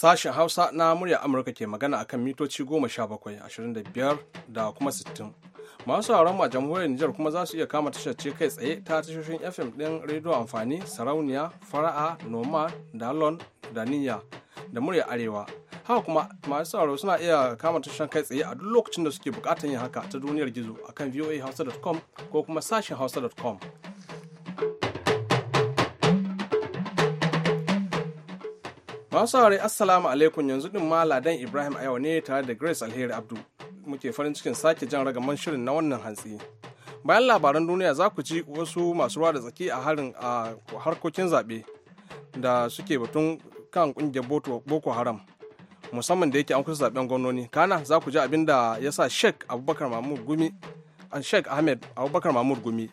Sashen Hausa na murya Amurka ke magana a kan mitoci 17, 25 da kuma 60. Masu sauran a jamhuriyar Nijar kuma za su iya kama tashar ce kai tsaye ta tashoshin FM ɗin rediyo amfani, sarauniya, fara'a, noma, dalon, da niyya da murya arewa. Haka kuma masu sauraro suna iya kama tashar kai tsaye a duk lokacin da suke bukatan yin haka ta duniyar gizo akan voahausa.com ko kuma sashen hausa.com. Fasawari Assalamu alaikum yanzu din ma Ladan Ibrahim a yau ne tare da Grace Alheri Abdu muke farin cikin sake jan ragaman shirin na wannan hantsi. Bayan labaran duniya za ku ji wasu masu ruwa da tsaki a harin a harkokin zaɓe da suke batun kan ƙungiyar Boko Haram musamman da yake an kusa zaɓen gwamnoni. Kana za ku ji abin da ya sa Sheikh Abubakar Mahmud Gumi Sheikh Ahmed Abubakar Mahmud Gumi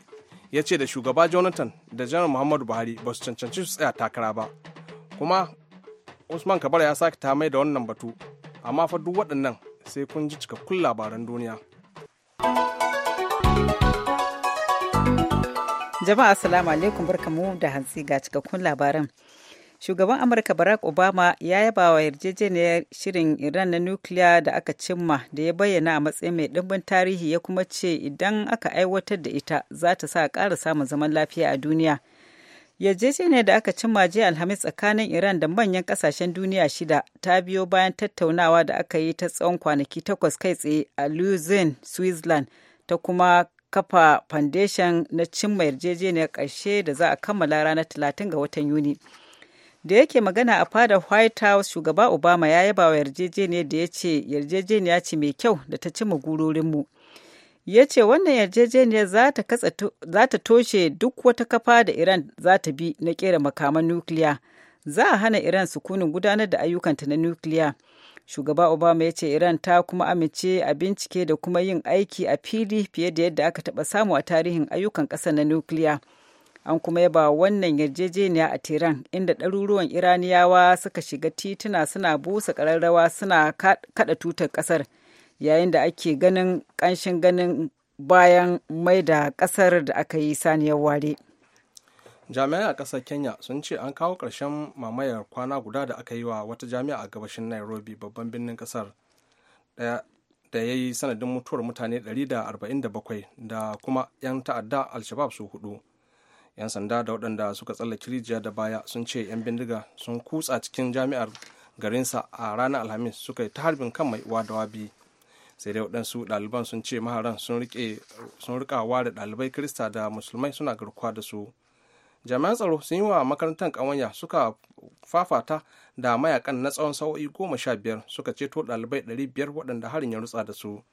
ya ce da shugaba Jonathan da Janar Muhammadu Buhari ba su cancanci su tsaya takara ba. Kuma usman kabar ya sake ta mai da wannan batu amma fa duk waɗannan sai kun ji cikakkun labaran duniya jama'a assalamu alaikum barkamu da hantsi ga cikakkun labaran shugaban amurka barack obama ya yaba wa yarjejeniyar shirin iran na nukiliya da aka cimma da ya bayyana a matsayin mai ɗimbin tarihi ya kuma ce idan aka aiwatar da ita za ta sa ƙara samun zaman lafiya a duniya yarjejeniyar da aka cimma jiya alhamis tsakanin iran da manyan kasashen duniya shida ta biyo bayan tattaunawa da aka yi ta tsawon kwanaki takwas kai tsaye a luzin switzerland ta kuma kafa foundation na cimma yarjejeniyar karshe da za a kammala ranar talatin ga watan yuni da yake magana a fadar white house shugaba obama ya yaba wa yarjejeniyar da ya ce yarjejeniya ce mai kyau da ta cimma gurorinmu mu ya ce wannan yarjejeniyar za ta toshe duk wata kafa da iran za ta bi na kera makaman nukiliya za a hana iran su sukunin gudanar da ayyukanta na nukiliya shugaba obama ya ce iran ta kuma amince a bincike da kuma yin aiki a fili fiye da yadda aka taba samu a tarihin ayyukan ƙasa na nukiliya an kuma yaba wannan yarjejeniya a tehran inda ɗaruruwan iraniyawa suka shiga tituna suna busa ƙararrawa suna kaɗa tutar ƙasar yayin da ake ganin kanshin ganin bayan mai da kasar da aka yi saniyar ware. jami'ai a ƙasar kenya sun ce an kawo ƙarshen mamayar kwana guda da aka yi wa wata jami'a a gabashin nairobi babban birnin ƙasar da ya yi sanadin mutuwar mutane 147 da kuma 'yan ta'adda al-shabab su hudu 'yan sanda da waɗanda suka tsallake rijiya da baya sun ce 'yan bindiga sun kutsa cikin jami'ar garinsa a ranar alhamis suka yi ta harbin kan mai uwa da wabi sai dai waɗansu ɗaliban sun ce maharan sun rika da ɗalibai kirista da musulmai suna garkuwa da su jami'an tsaro sun yi wa makarantar ƙawanya suka fafata da mayakan na tsawon sa'o'i goma sha biyar suka ceto ɗalibai ɗari biyar waɗanda harin ya rutsa da su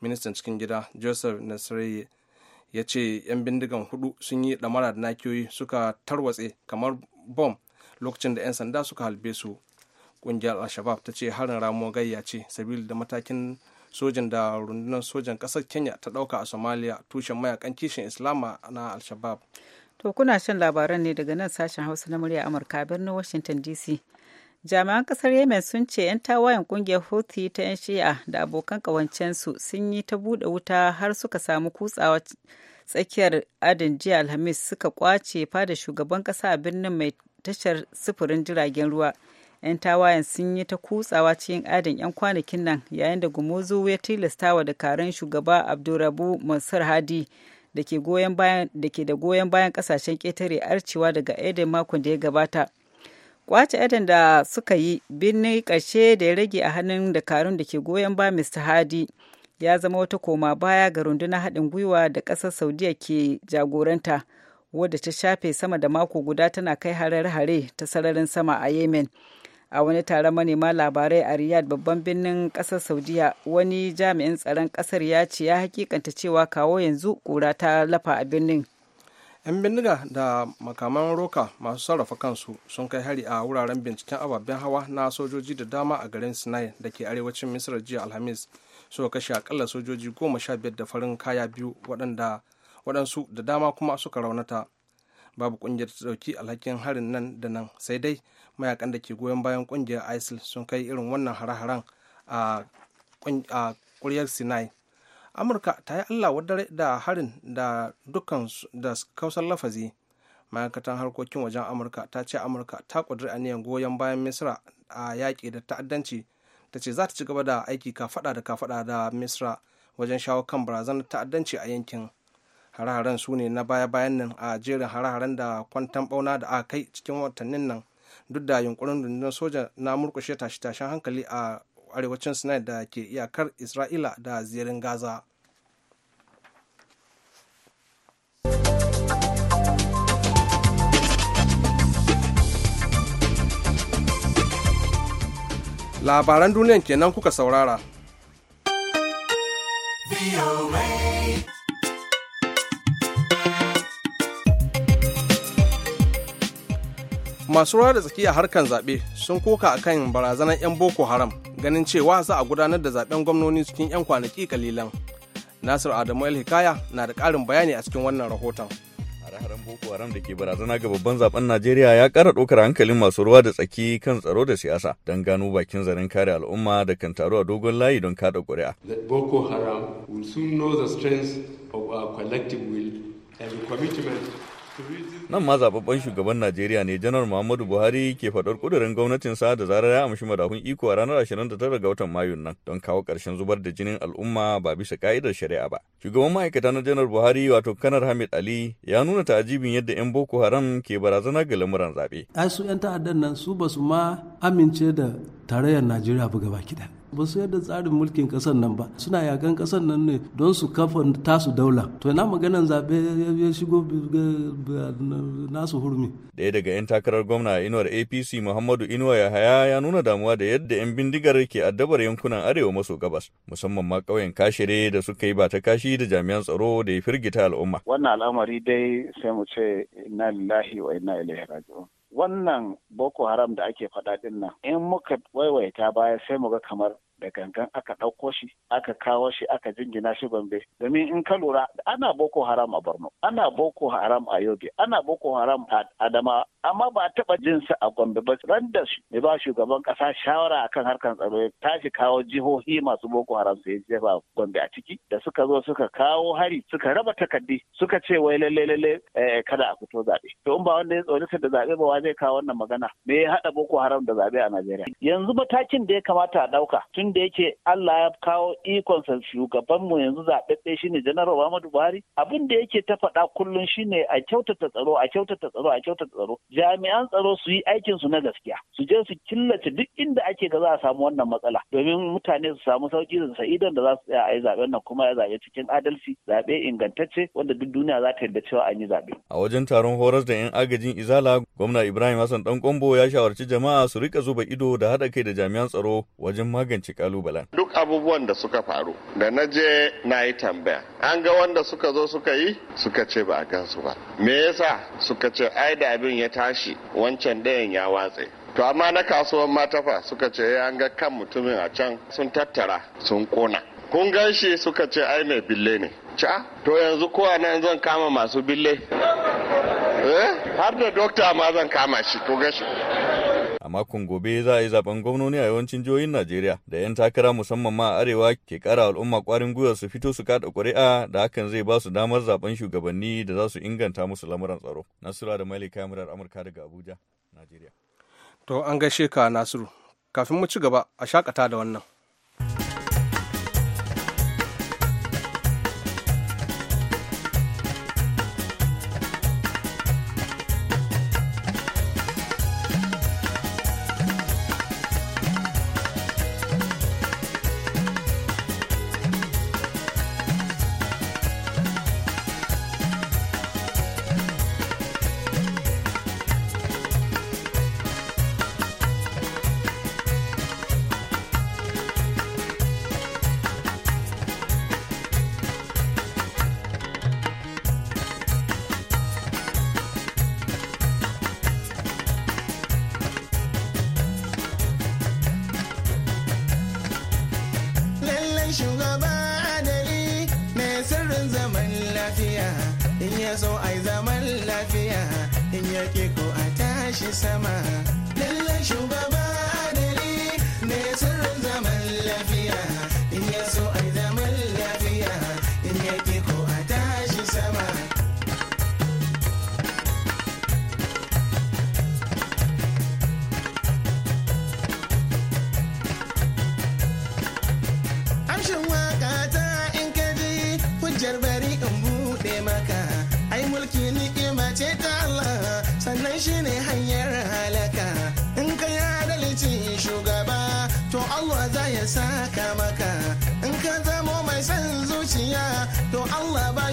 ministan cikin gida joseph nasiri ya ce 'yan bindigan hudu sun yi ɗamara da nakiyoyi suka tarwatse kamar bom lokacin da 'yan sanda suka halbe su ƙungiyar al-shabab ta ce harin ramuwa gayya ce sabili da matakin sojan da rundunar sojan kasar kenya ta dauka a somalia tushen mayakan kishin islama na al-shabab to kuna shan labaran ne daga nan sashen hausa na murya amurka birnin washington dc jami'an kasar yemen sun ce 'yan tawayen kungiyar houthi ta 'yan shi'a da abokan ƙawancensu sun yi ta buɗe wuta har suka samu kutsawa tsakiyar adin jiya alhamis suka kwace fada shugaban kasa a birnin mai tashar sufurin jiragen ruwa 'yan tawayen sun yi ta kutsawa cikin adin 'yan kwanakin nan yayin da gumuzu ya tilastawa dakarun shugaba abdurrabu mansur hadi da ke da goyon bayan kasashen ƙetare arcewa daga aidan makon da ya gabata kwace eden da suka yi birnin ƙarshe da ya rage a hannun dakarun da ke goyon ba mr hadi ya zama wata koma baya ga rundunar haɗin gwiwa da ƙasar saudiya ke jagoranta wadda ta shafe sama da mako guda tana kai harare hare ta sararin sama a yemen a wani taron manema labarai a riyadh babban birnin kasar saudiya wani jami'in tsaron kasar ya ce ya hakikanta cewa kawo yanzu kura ta lafa a birnin yan bindiga da makaman roka masu sarrafa kansu sun kai hari a wuraren binciken ababen hawa na sojoji da dama a garin sinai da ke arewacin misir jiya alhamis suka kashe akalla sojoji goma sha biyar da farin kaya biyu waɗansu da dama kuma suka raunata babu kungiyar ta dauki alhakin harin nan da nan sai dai mayakan da ke goyon bayan kungiyar isil sun kai irin wannan hare-haren a kuryar sinai amurka ta yi allah wadare da harin da dukkan da kausar lafazi ma'aikatan harkokin wajen amurka ta ce amurka ta ƙudiri aniyan goyon bayan misra a yaƙi da ta'addanci ta ce za ta ci gaba da aiki kafaɗa da kafaɗa da misra wajen shawo kan barazanar ta'addanci a yankin hare-haren su ne na baya-bayan nan a jerin hare-haren da kwantan bauna da aka kai cikin watannin nan duk da yunkurin rundunar soja na murkushe tashe-tashen hankali a arewacin sinai da ke iyakar isra'ila da zirin gaza labaran duniyan kenan kuka saurara masu ruwa da tsaki a harkan zaɓe sun koka a kan barazanar 'yan boko haram ganin cewa za a gudanar da zaɓen gwamnoni cikin 'yan kwanaki kalilan nasir adamu el hikaya na da ƙarin bayani a cikin wannan rahoton hare Boko Haram da ke barazana ga babban zaben Najeriya ya kara ɗaukar hankalin masu ruwa da tsaki kan tsaro da siyasa don gano bakin zaren kare al'umma da kan taru a dogon layi don kada ƙuri'a. Boko Haram will soon know the strength of our collective will and commitment Nan ma zababban shugaban Najeriya ne Janar Muhammadu Buhari ke faɗar ƙudurin gwamnatinsa da zarar ya amshi madafun iko a ranar 29 ga watan mayu nan don kawo ƙarshen zubar da jinin al'umma ba bisa ka'idar shari'a ba. Shugaban ma'aikata na Janar Buhari wato Kanar Hamid Ali ya nuna ta'ajibin yadda 'yan Boko Haram ke barazana ga lamuran zaɓe. Ai su 'yan ta'addan nan su ba su ma amince da tarayyar Najeriya ba gaba da. ba su yadda tsarin mulkin kasar nan ba suna yakan kasar nan ne don su kafa tasu daula to na maganan zaɓe ya shigo nasu hurmi daya daga 'yan takarar gwamna a inuwar apc muhammadu inuwa yahaya ya nuna damuwa da yadda 'yan bindigar ke addabar yankunan arewa maso gabas musamman ma ƙauyen kashire da suka yi ba ta kashi da jami'an tsaro da ya firgita al'umma wannan al'amari dai sai mu ce inna lillahi wa inna ilaihi raji'un wannan boko haram da ake faɗa ɗin nan in muka waiwaita baya sai mu ga kamar da gangan aka ɗauko shi aka kawo shi aka jingina shi bambe. domin in ka lura ana boko haram a borno ana boko haram a yobe ana boko haram a adama amma ba a taɓa jin sa a gombe ba ran da ne ba shugaban ƙasa shawara akan harkar tsaro ya tashi kawo jihohi masu boko haram su jefa gombe a ciki da suka zo suka kawo hari suka raba takardi suka ce wai lalle lalle eh, kada a fito zaɓe to in ba wanda ya tsorata da zaɓe ba wa zai kawo wannan magana me ya haɗa boko haram da zaɓe a najeriya yanzu matakin da ya kamata a ɗauka tun abin da yake Allah ya kawo ikonsa shugabanmu yanzu zaɓaɓɓe shine general Muhammadu Buhari abin da yake ta faɗa kullum shine a kyautata tsaro a kyautata tsaro a kyautata tsaro jami'an tsaro su yi aikin su na gaskiya su je su killace duk inda ake ga za a samu wannan matsala domin mutane su samu sauki da sa'idan da za su tsaya a yi zaɓen nan kuma ya zaɓe cikin adalci zaɓe ingantacce wanda duk duniya za ta yarda cewa an yi zaɓe. A wajen taron horas da 'yan agajin Izala gwamna Ibrahim Hassan Ɗanƙwambo ya shawarci jama'a su rika zuba ido da haɗa kai da jami'an tsaro wajen magance kalubalen. Duk abubuwan da suka faru da na je na yi tambaya. An ga wanda suka zo suka yi suka ce ba a gansu ba. Me yasa suka ce ai da abin ya tashi wancan dayan ya watse. To amma na kasuwan matafa suka ce eh, an ga kan mutumin a can sun tattara sun kona. Kun gan shi suka ce ai mai bille ne. Ca, to yanzu kowa nan zan kama masu bille. Eh, har da dokta ma zan kama shi to gashi A makon gobe za a yi zaben gwamnoni a yawancin jihohin Najeriya da 'yan takara musamman ma a arewa ke kara al'umma kwarin gwiwa su fito su kada ƙuri'a da hakan zai ba su damar zaben shugabanni da za su inganta musu lamuran tsaro. Nasura da Mali Kamarar Amurka daga Abuja, Najeriya. To an gaishe ka Nasiru. Kafin mu ci gaba a shakata da wannan. so ai zaman lafiya in yake ko a tashi sama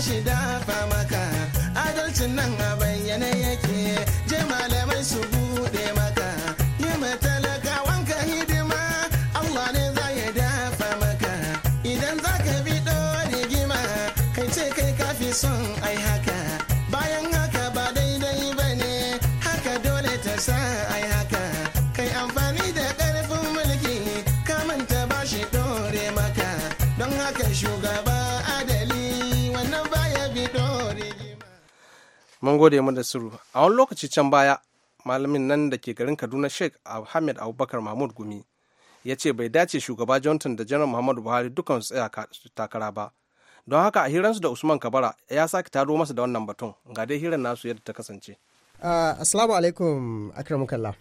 shi dafa maka adalcin nan a bayyane yake je malamai su mun gode mu da suru a wani lokaci can baya malamin nan da ke garin kaduna sheik ahmed abubakar mahmud gumi ya ce bai dace shugaba johnson da janar muhammadu buhari dukan su tsaya takara ba don haka a hiransu da usman kabara ya sake taro masa da wannan batun ga dai hirar nasu yadda ta kasance uh, alaikum akramukallah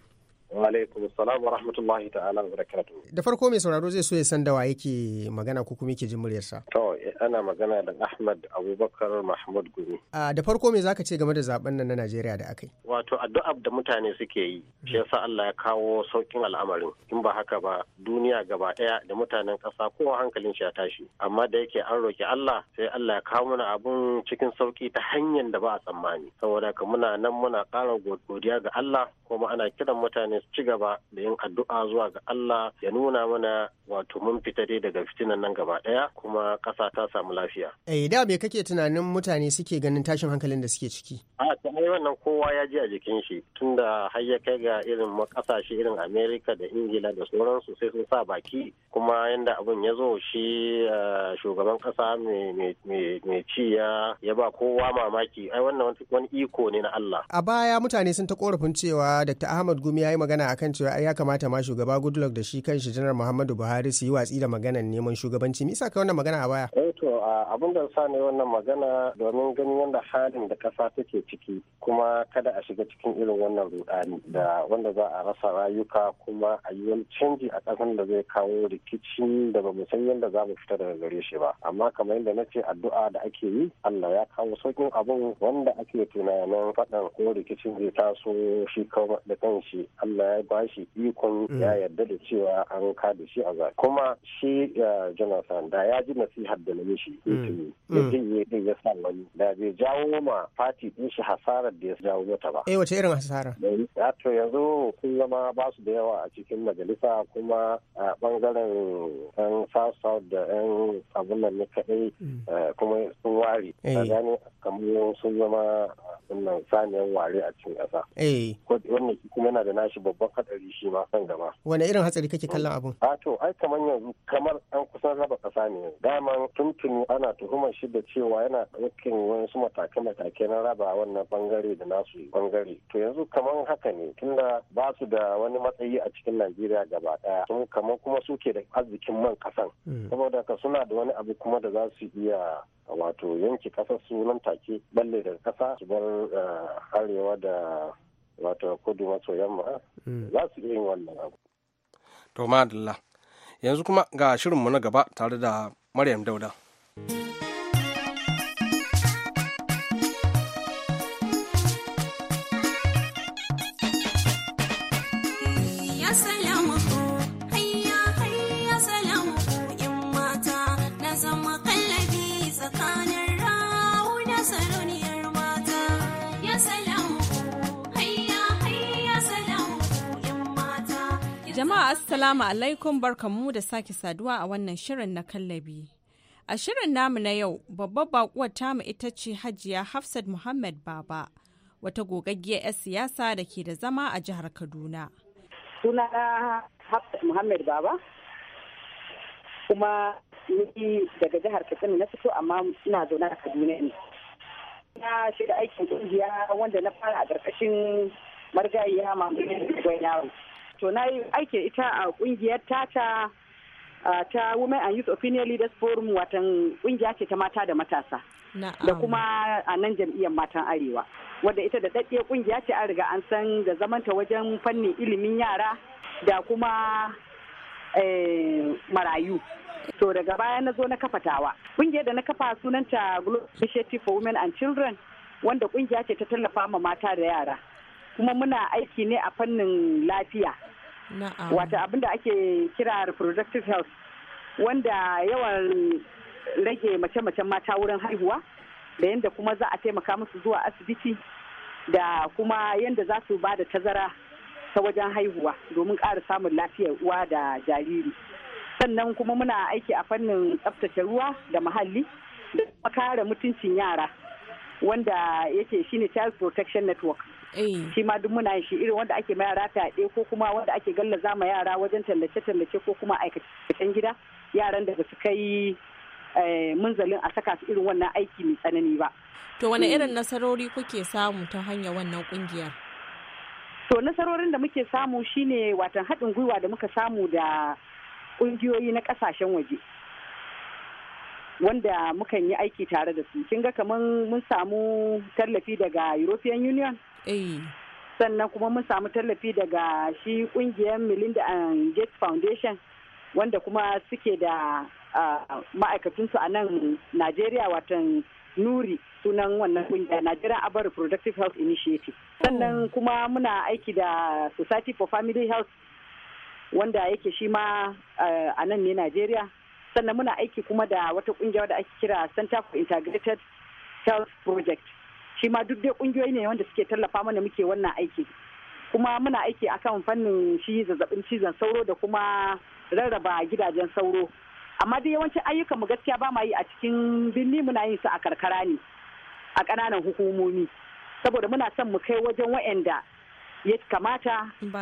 Wa alaikum salam wa rahmatullahi ta'ala wa barakatuh. Da farko mai sauraro zai so ya san dawa yake magana ko kuma yake jin muryarsa. To ana magana da Ahmad Abubakar Mahmud Gumi. da farko mai zaka ce game da zaben nan na Najeriya da aka yi? Wato addu'a da mutane suke yi shi yasa Allah ya kawo saukin al'amarin in ba haka ba duniya gaba ɗaya da mutanen ƙasa kowa hankalin shi ya tashi amma da yake an roki Allah sai Allah ya kawo mana abun cikin sauki ta hanyar da ba a tsammani saboda ka muna nan muna ƙara godiya ga Allah kuma ana kiran mutane ci gaba da yin addu'a zuwa ga Allah ya nuna mana wato mun fita dai daga fitinan nan gaba ɗaya kuma ƙasa ta samu lafiya. Eh da me kake tunanin mutane suke ganin tashin hankalin da suke ciki? A ta wannan kowa ya ji a jikin shi tunda har ya kai ga irin ƙasashe irin Amerika da Ingila da sauransu sai sun sa baki kuma yanda abun ya zo shi eh, shugaban ƙasa mai ci ya ba kowa mamaki ai wannan wani iko ne na Allah. A baya mutane sun ta korafin cewa Dr. Ahmad Gumi ya yi magana magana akan cewa ya kamata ma shugaba Goodluck da shi kanshi janar Muhammadu Buhari su yi watsi da maganar neman shugabanci. Me yasa kai wannan magana a baya? Eh to abin da sa ne wannan magana domin ganin yadda halin da kasa take ciki kuma kada a shiga cikin irin wannan rudani da wanda za a rasa rayuka kuma a yi wani canji a kasan da zai kawo rikicin da ba mu san yadda za mu fita daga gare shi ba amma kamar yadda na ce addu'a da ake yi Allah ya kawo saukin abun wanda ake tunanin faɗan ko rikicin zai taso shi kawai da kanshi Allah Allah ya ba shi ikon mm. ya yarda da cewa an kada shi a zaɓe kuma shi janar da ya ji nasihar da na mishi mm. ya mm. ya din ya sa wani da bai jawo ma fati din shi hasarar da ya jawo mata ba eh wace irin hasara ya to yanzu kun zama ba su da yawa a cikin majalisa kuma a bangaren yan south south da yan abunan na kaɗai. kadai eh, kuma sun ware eh. a gane kamar sun zama wannan saniyar ware a cikin ƙasa eh. wannan kuma yana da nashi babban hatsari shi ma san gaba. Wane irin hatsari kake kallon abun? A to ai kamar yanzu kamar an kusan raba kasa ne. Daman tuntuni ana tuhumar shi da cewa yana ɗaukin wasu matake-matake na raba wannan bangare da nasu bangare. To yanzu kamar haka ne tunda ba su da wani matsayi a cikin Najeriya gaba ɗaya. Sun kamar kuma suke da arzikin man kasan hmm. Saboda ka suna da wani abu kuma da za su iya wato yanki kasar sunan nan take balle daga kasa su bar eh, arewa da wato kudu maso yamma mm. za su yin wannan abu. To madalla yanzu kuma ga shirinmu na gaba tare da Maryam Dauda. assalamu alaikum barkanmu da sake saduwa a wannan shirin na kallabi. A shirin namu na yau babbar bakuwar mu ita ce Hajiya Hafsat Muhammad Baba wata gogaggiyar 'yar siyasa da ke da zama a jihar Kaduna. Suna Hafsat Muhammad Baba kuma ni daga jihar Katsina na fito amma ina zaune a Kaduna ne. Na shiga aikin kungiya wanda na fara a ƙarƙashin margayiya mamu yawon. to na yi aiki ita a kungiyar tata ta Women and Youth Opinion Leaders Forum watan kungiya ce ta mata da matasa. Da kuma a nan jam'iyyar matan Arewa. Wadda ita da daɗe kungiya ce an riga an san da zamanta wajen fanni ilimin yara da kuma eh, marayu. To daga baya na zo na kafa tawa. Kungiyar da na kafa sunanta Global Initiative for Women and Children wanda kungiya ce ta tallafa ma mata da yara. Kuma muna aiki ne a fannin lafiya. wata abin da ake kira reproductive health wanda yawan rage mace-macen mata wurin haihuwa da yadda kuma za a taimaka musu zuwa asibiti da kuma yadda za su ba da tazara ta wajen haihuwa domin ƙara samun lafiyar uwa da jariri sannan kuma muna aiki a fannin tsaftace ruwa da muhalli da kuma kare mutuncin yara wanda yake shine child protection network Eh. shi ma duk muna shi irin wanda ake ma yara fyaɗe ko kuma wanda ake gallaza ma yara wajen tallace-tallace ko kuma aikace gida yaran da ba su kai eh, munzalin a saka su irin wannan aiki mai tsanani ba. To wane eh. irin nasarori kuke samu ta hanyar wannan kungiyar? To nasarorin da muke samu shine watan haɗin gwiwa da muka samu da ƙungiyoyi na ƙasashen waje. Wanda mukan yi aiki tare da su. Kin ga kamar mun samu tallafi daga European Union Eh. sannan kuma mun samu tallafi daga shi kungiyar Melinda and Gates Foundation wanda kuma suke da ma'aikatunsu a nan Najeriya watan Nuri sunan wannan kungiya nigeria Abar Productive Health Initiative. Sannan oh. kuma muna aiki da Society for Family Health wanda yake shi ma a nan ne Najeriya. Sannan muna aiki kuma da wata kungiya da ake kira Center for Integrated Health Project. shi ma duk dai kungiyoyi ne wanda suke tallafa mana muke wannan aiki kuma muna aiki akan fannin shi zazzabin cizon sauro da kuma rarraba gidajen sauro amma dai yawancin ayyukan mu gaskiya ba ma yi a cikin birni muna yin su a karkara ne a ƙananan hukumomi saboda muna son mu kai wajen wa'anda ya kamata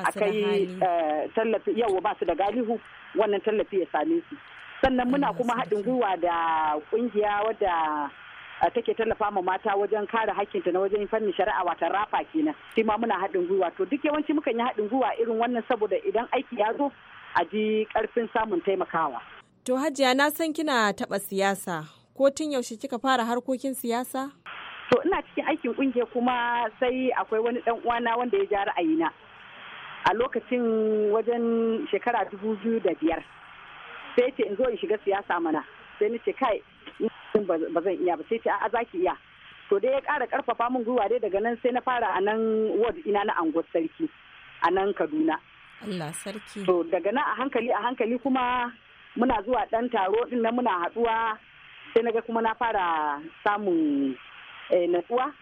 a kai eh, tallafi yawa ba su da galihu wannan tallafi ya same su sannan muna kuma haɗin gwiwa da ƙungiya wadda take tallafa ma mata wajen kare hakkinta na wajen fannin shari'a wata rafa kenan shi ma muna haɗin gwiwa to duk yawanci mukan yi haɗin gwiwa irin wannan saboda idan aiki ya zo a ji ƙarfin samun taimakawa. To Hajiya na san kina taɓa siyasa ko tun yaushe kika fara harkokin siyasa? To ina cikin aikin ƙungiya kuma sai akwai wani ɗan uwana wanda ya ja ra'ayi na a lokacin wajen shekara dubu biyu da biyar sai ce in zo in shiga siyasa mana sai ni ce kai ba zan iya ba sai ce a zaki iya to dai ya kara karfafa min gwiwa dai daga nan sai na fara a nan ward ina na anguwar sarki a nan kaduna Allah sarki to daga nan a hankali a hankali kuma muna zuwa ɗan taro ɗin nan muna haɗuwa sai na ga kuma na fara samun eh, natsuwa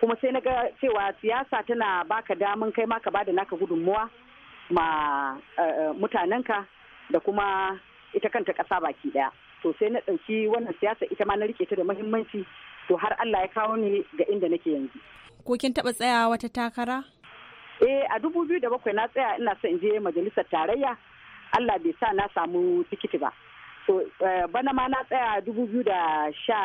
kuma sai na ga cewa siyasa tana baka daman kai ma ka bada naka gudunmuwa ma eh, eh, mutanenka da kuma ita kanta ƙasa baki ɗaya. to sai na ɗauki wannan siyasa ita ma na rike ta da muhimmanci to har Allah ya kawo ni ga inda nake yanzu. Ko kin taɓa tsaya wata takara? Eh a dubu biyu da bakwai na tsaya ina son in je majalisar tarayya Allah bai sa na samu tikiti ba. To eh, bana ma na tsaya dubu biyu da sha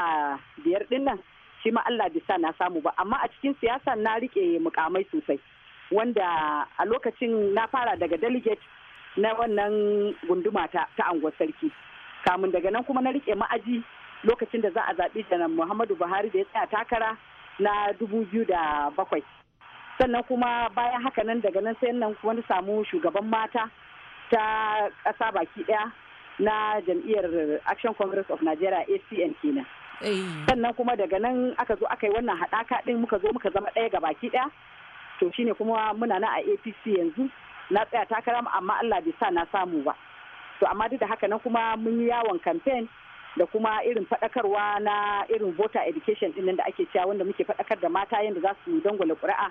biyar ɗin nan shi ma Allah bai sa na samu ba amma a cikin siyasa na rike mukamai sosai wanda a lokacin na fara daga delegate na wannan gunduma ta ta anguwar sarki kamun daga nan kuma na rike ma'aji lokacin da za a zaɓi janar muhammadu buhari da ya tsaya takara na dubu biyu da bakwai sannan kuma bayan haka nan daga nan sai nan kuma samu shugaban mata ta ƙasa baki ɗaya na jam'iyyar action congress of nigeria acn kenan sannan kuma daga nan aka zo aka yi wannan haɗaka ɗin muka zo muka zama ɗaya ga baki ɗaya to shine kuma muna na a apc yanzu na tsaya takara amma allah bai sa na samu ba to amma duk da haka nan kuma mun yi yawon campaign da kuma irin faɗakarwa na irin voter education ɗin da ake cewa wanda muke faɗakar da mata yadda za su dangwala ƙuri'a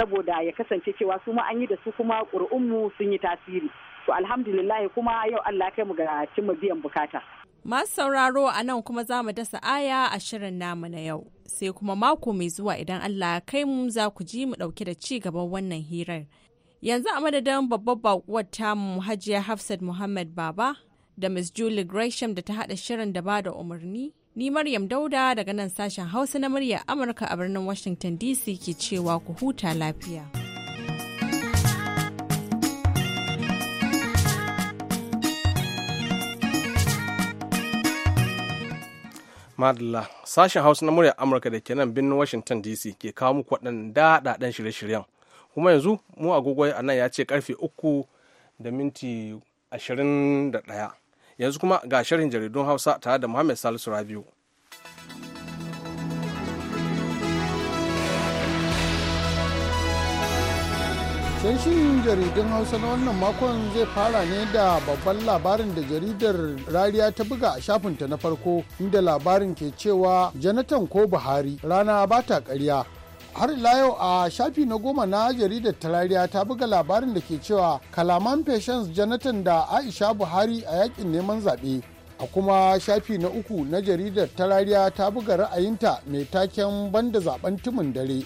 saboda ya kasance cewa su ma an yi da su kuma ƙuri'unmu sun yi tasiri to alhamdulillah kuma yau Allah kai mu ga cimma biyan bukata Masu sauraro a nan kuma za mu dasa aya a shirin namu na yau sai kuma mako mai zuwa idan Allah ya kai mu za ku ji mu ɗauki da ci gaban wannan hirar. Yanzu a madadin babbar bakuwar tamu Hajiya Hafsat Muhammad Baba da Miss Julie Gresham da ta hada shirin da ba da umarni. Ni Maryam Dauda daga nan sashen Hausa na murya Amurka a birnin Washington DC ke cewa ku huta lafiya. Madalla, sashen Hausa na muryar Amurka da ke nan birnin Washington DC ke kawo muku waɗannan daɗaɗen shirye-shiryen. kuma yanzu mu agogo a nan ya ce karfe uku da minti ashirin da ɗaya yanzu kuma ga shirin jaridun hausa tare da muhammad salisu rabiu shirin jaridun hausa na wannan makon zai fara ne da babban labarin da jaridar rariya ta buga a shafinta na farko inda labarin ke cewa janatan ko buhari rana ba ta karya har ila yau a shafi na goma na jaridar tarariya ta buga labarin da ke cewa kalaman patients jonathan da aisha buhari a yakin neman zaɓe a kuma shafi na uku na jaridar tarariya ta buga ra'ayinta mai taken banda zaben tumin dare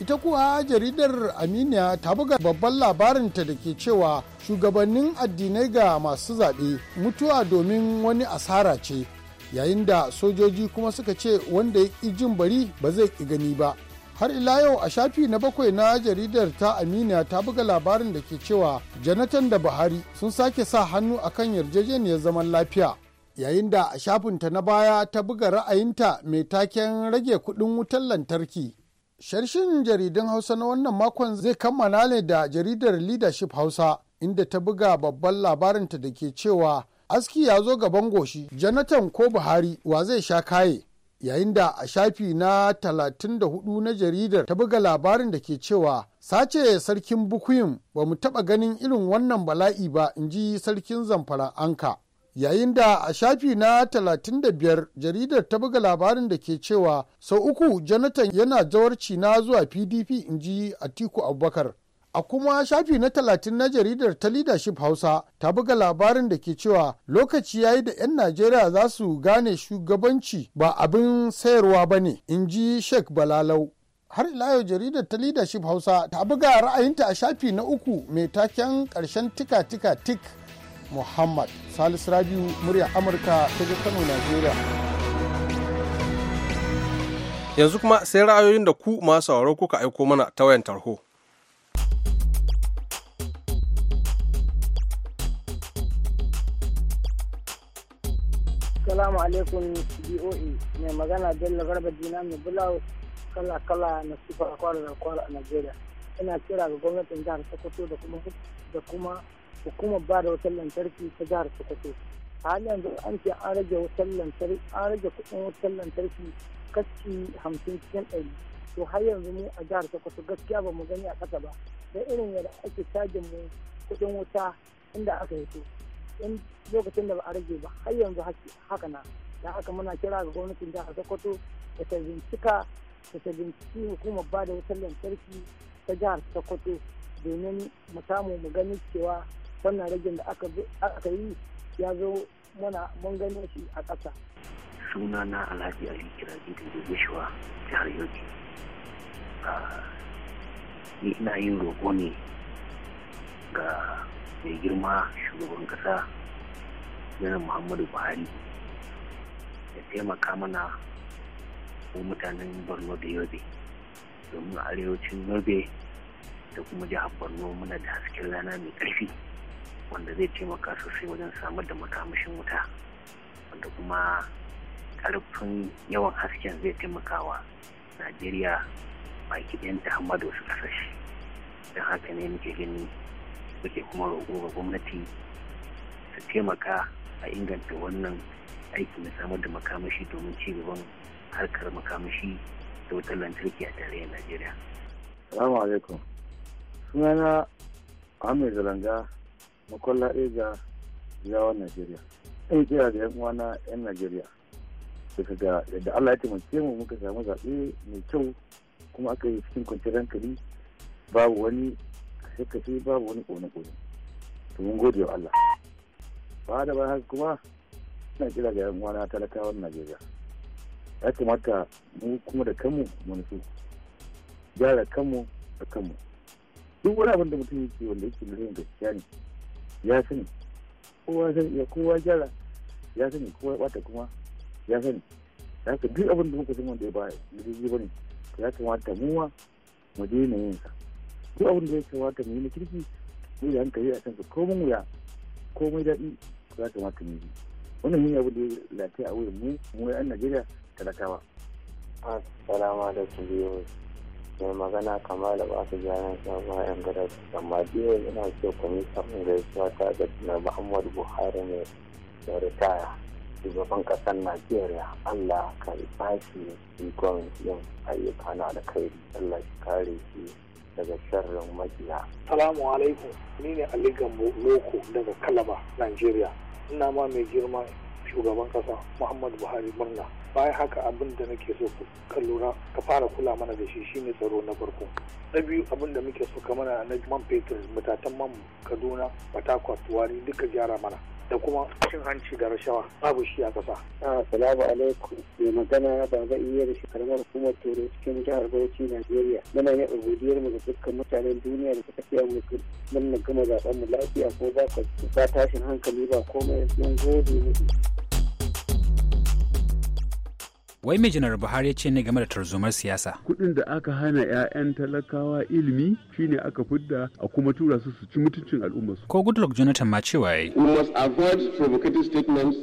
ita kuwa jaridar aminiya ta buga babban labarinta da ke cewa shugabannin addinai ga masu zaɓe mutuwa domin wani asara ce yayin da sojoji kuma suka ce wanda ya ƙi jin bari ba zai ƙi gani ba har ila yau a shafi na bakwai na jaridar ta aminiya ta buga labarin da ke cewa janatan da buhari sun sake sa hannu a kan yarjejeniyar zaman lafiya yayin da a shafinta na baya ta buga ra'ayinta mai taken rage kudin wutar lantarki sharshin jaridun hausa na wannan makon zai kammala ne da jaridar leadership hausa inda ta buga babban labarinta da ke cewa aski ya zo gaban goshi janatan ko buhari wa zai sha kaye yayin da a shafi na 34 na jaridar ta buga labarin da ke cewa sace sarkin bukuyin ba mu taɓa ganin irin wannan bala'i ba in ji sarkin zamfara anka yayin da a shafi na 35 jaridar ta buga labarin da ke cewa sau uku jonathan yana zawarci na zuwa pdp in ji atiku abubakar A kuma shafi na talatin na jaridar ta leadership Hausa ta buga labarin da ke cewa lokaci yayi da 'yan Najeriya za su gane shugabanci ba abin sayarwa ba ne, in ji Sheikh Balalau. Har ila jaridar ta leadership Hausa ta buga ra'ayinta a shafi na uku mai taken karshen tika-tika tik Muhammad Salisu Rabiu murya Amurka ta Kano, Najeriya. yanzu kuma sai ra'ayoyin da ku masu sauraro kuka aiko mana ta wayan tarho. Assalamu alaikum BOA mai magana Bello Garba Dina mai bulawo kala kala na sufar kwara da kwara a Najeriya. Ina kira ga gwamnatin jihar Sokoto da kuma da kuma hukumar ba da wutar lantarki ta jihar Sokoto. A halin yanzu an ce an rage wutar lantarki an rage kuɗin wutar lantarki kashi hamsin cikin ɗari. To har yanzu mu a jihar Sokoto gaskiya ba mu gani a ƙasa ba. Da irin yadda ake cajin mu kuɗin wuta inda aka hito. in lokacin da ba a rage ba har yanzu haka na da haka muna kira ga gwamnatin jihar sokoto da ta bincika da ta binciki hukumar ba da wutar lantarki ta jihar sokoto domin mu samu mu gani cewa wannan ragin da aka yi ya zo muna mun gani shi a ƙasa. suna na alhaji ali kiraji da gaisuwa jihar yauki ah, ina yin roƙo ne ga mai girma shugaban kasa janar muhammadu buhari ya taimaka mana ko mutanen borno da yobe domin arewacin yobe da kuma jihar borno muna da hasken rana mai ƙarfi wanda zai taimaka sosai wajen samar da makamashin wuta wanda kuma ƙarfin yawan hasken zai taimaka wa najeriya baki ɗayan ta hamadu wasu ƙasashe don haka ne muke gani muke kuma roƙo ga gwamnati su taimaka a inganta wannan aiki na samar da makamashi domin ci gaban harkar makamashi da wutar lantarki a tarayyar najeriya salamu alaikum sunana ahmed zalanga makwalla ga yawon najeriya ɗan kira da yan uwana yan najeriya daga ga yadda allah ya taimake mu muka samu zaɓe mai kyau kuma aka yi cikin kwanciyar hankali babu wani sai ka ce babu wani kone kone to mun gode wa Allah ba da ba haka kuma ina kira ga yan uwana talakawan Najeriya ya kamata mu kuma da kanmu mu nufi gyara kanmu da kanmu duk wani abin da mutum yake wanda yake da zai gaskiya ne ya sani kowa zai iya kowa gyara ya sani kowa ya bata kuma ya sani ya haka duk abin da muka san wanda ya ba ya ba ne ya kamata mu ma mu daina yin sa duk abin da ya kamata mu yi na kirki mu yi hankali a kansa mun wuya ko mai daɗi ya kamata mu yi wannan mun abu da ya lafiya a wurin mu mu yan Najeriya talakawa. Assalamu alaikum biyu mai magana kama da ba su gyaran a yan gada amma biyu ina so ku yi samun gaisuwa ta ga na Muhammadu Buhari ne da ritaya shugaban ƙasar Najeriya Allah ka ba shi ikon yin ayyuka na alkhairi Allah shi kare shi daga sharrin makiya. Salamu alaikum, ni ne Ali Gambo Loko daga Kalaba, nigeria Ina ma mai girma shugaban kasa Muhammadu Buhari murna. Bayan haka abin da nake so ka lura ka fara kula mana da shi shine tsaro na farko. Na biyu abin da muke so ka mana na man fetur, matatan man Kaduna, Port Tuwari duka gyara mana. da kuma cin hanci da rashawa babu shi a ƙasa. Assalamu ah, alaikum mai magana ba ga iya da shekarar hukumar turai cikin jihar Bauchi Najeriya. Muna yin godiyar mu ga dukkan mutanen duniya da suka fiya mu mun gama zaben mu lafiya ko ba tashin hankali ba komai mun gode musu. Wai mai janar Buhari ya ce ne game da tarzomar siyasa. Kuɗin da aka hana 'ya'yan talakawa ilimi shine aka fidda a kuma tura su su ci mutuncin al'ummarsu. Ko Goodluck Jonathan ma cewa yayi. We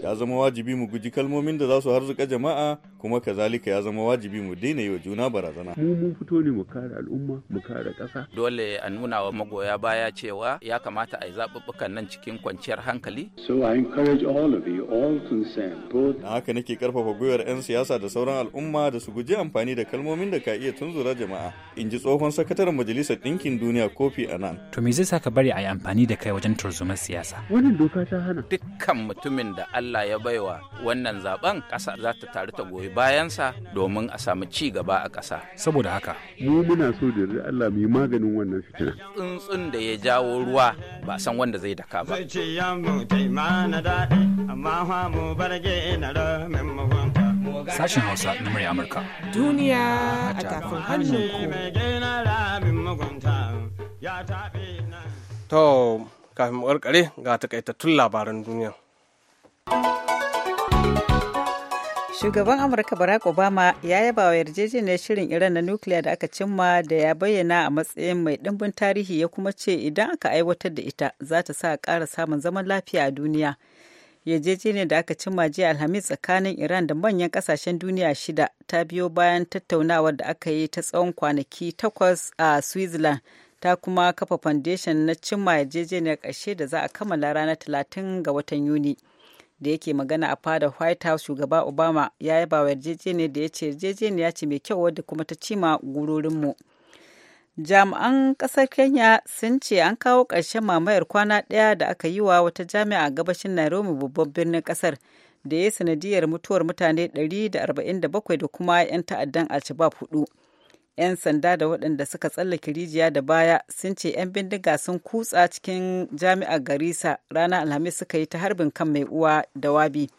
Ya zama wajibi mu guji kalmomin da za su harzuka jama'a kuma kazalika ya zama wajibi mu daina yi wa juna barazana mu mun fito ne mu kare al'umma mu kare ƙasa dole a nuna wa magoya baya cewa ya kamata a yi zaɓuɓɓukan nan cikin kwanciyar hankali so i encourage all of you all concerned both na haka nake karfafa gwiwar 'yan siyasa da sauran al'umma da su guji amfani da kalmomin da ka iya tunzura jama'a in ji tsohon sakataren majalisar ɗinkin duniya kofi anan to me zai saka bari a yi amfani da kai wajen turzumar siyasa wannan doka ta hana dukkan mutumin da Allah ya baiwa wannan zaben ƙasa za ta taru ta goyi bayansa domin a samu ci gaba a ƙasa. Saboda haka. Mu muna so da Allah mu maganin wannan fitina. Tsuntsun da ya jawo ruwa ba san wanda zai daka ba. Sashen Hausa na murya Amurka. Duniya a tafin ku. To, kafin mu ga takaitattun labaran duniya. Shugaban Amurka Barack Obama ya yaba wa yarjejeniyar shirin Iran na nukiliya da aka cimma da ya bayyana a matsayin mai ɗimbin tarihi ya kuma ce idan aka aiwatar da ita za ta sa ƙara samun zaman lafiya a duniya. yarjejeniyar da aka cimma jiya alhamis tsakanin iran da manyan ƙasashen duniya shida ta biyo bayan tattaunawar da aka yi ta tsawon kwanaki takwas a switzerland ta kuma kafa foundation na cimma yarjejeniyar ƙarshe da za a kammala ranar talatin ga watan yuni da yake magana a fada white house shugaba obama ya yaba wa yarjejeniyar da ya ce yarjejeniya ce mai kyau wadda kuma ta cima gurorinmu jami'an kasar kenya sun ce an kawo ƙarshen mamayar kwana ɗaya da aka yi wa wata jami'a a gabashin nairobi babban birnin ƙasar da ya sanadiyar mutuwar mutane 147 da kuma 'yan ta'addan alshabab hudu. 4 'yan sanda da waɗanda suka tsallake rijiya da baya sun ce 'yan bindiga sun kutsa cikin jami'ar garisa ranar alhamis suka yi ta harbin kan mai uwa da wabi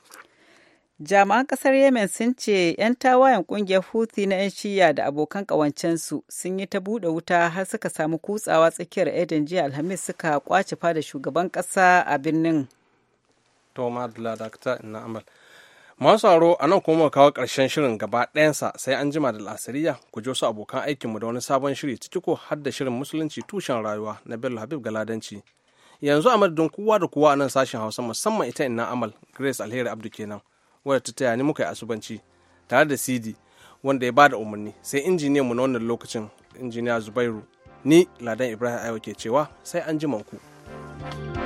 jami'an ƙasar yemen sun ce 'yan tawayen ƙungiyar houthi na 'yan shiya da abokan ƙawancensu sun yi ta buɗe wuta har suka samu kutsawa tsakiyar eden jiya alhamis suka kwace fada shugaban ƙasa a birnin. masu aro a nan kuma kawo karshen shirin gaba ɗayansa sai an jima da lasiriya ku ji wasu abokan aikinmu da wani sabon shiri ciko har da shirin musulunci tushen rayuwa na bello habib galadanci yanzu a madadin kowa da kowa a nan sashen hausa musamman ita ina amal grace alheri abdu kenan wadda ta taya ni muka yi asubanci tare da cd wanda ya bada umarni sai injiniya mu na wannan lokacin injiniya zubairu ni ladan ibrahim ayo ke cewa sai an jima ku. thank you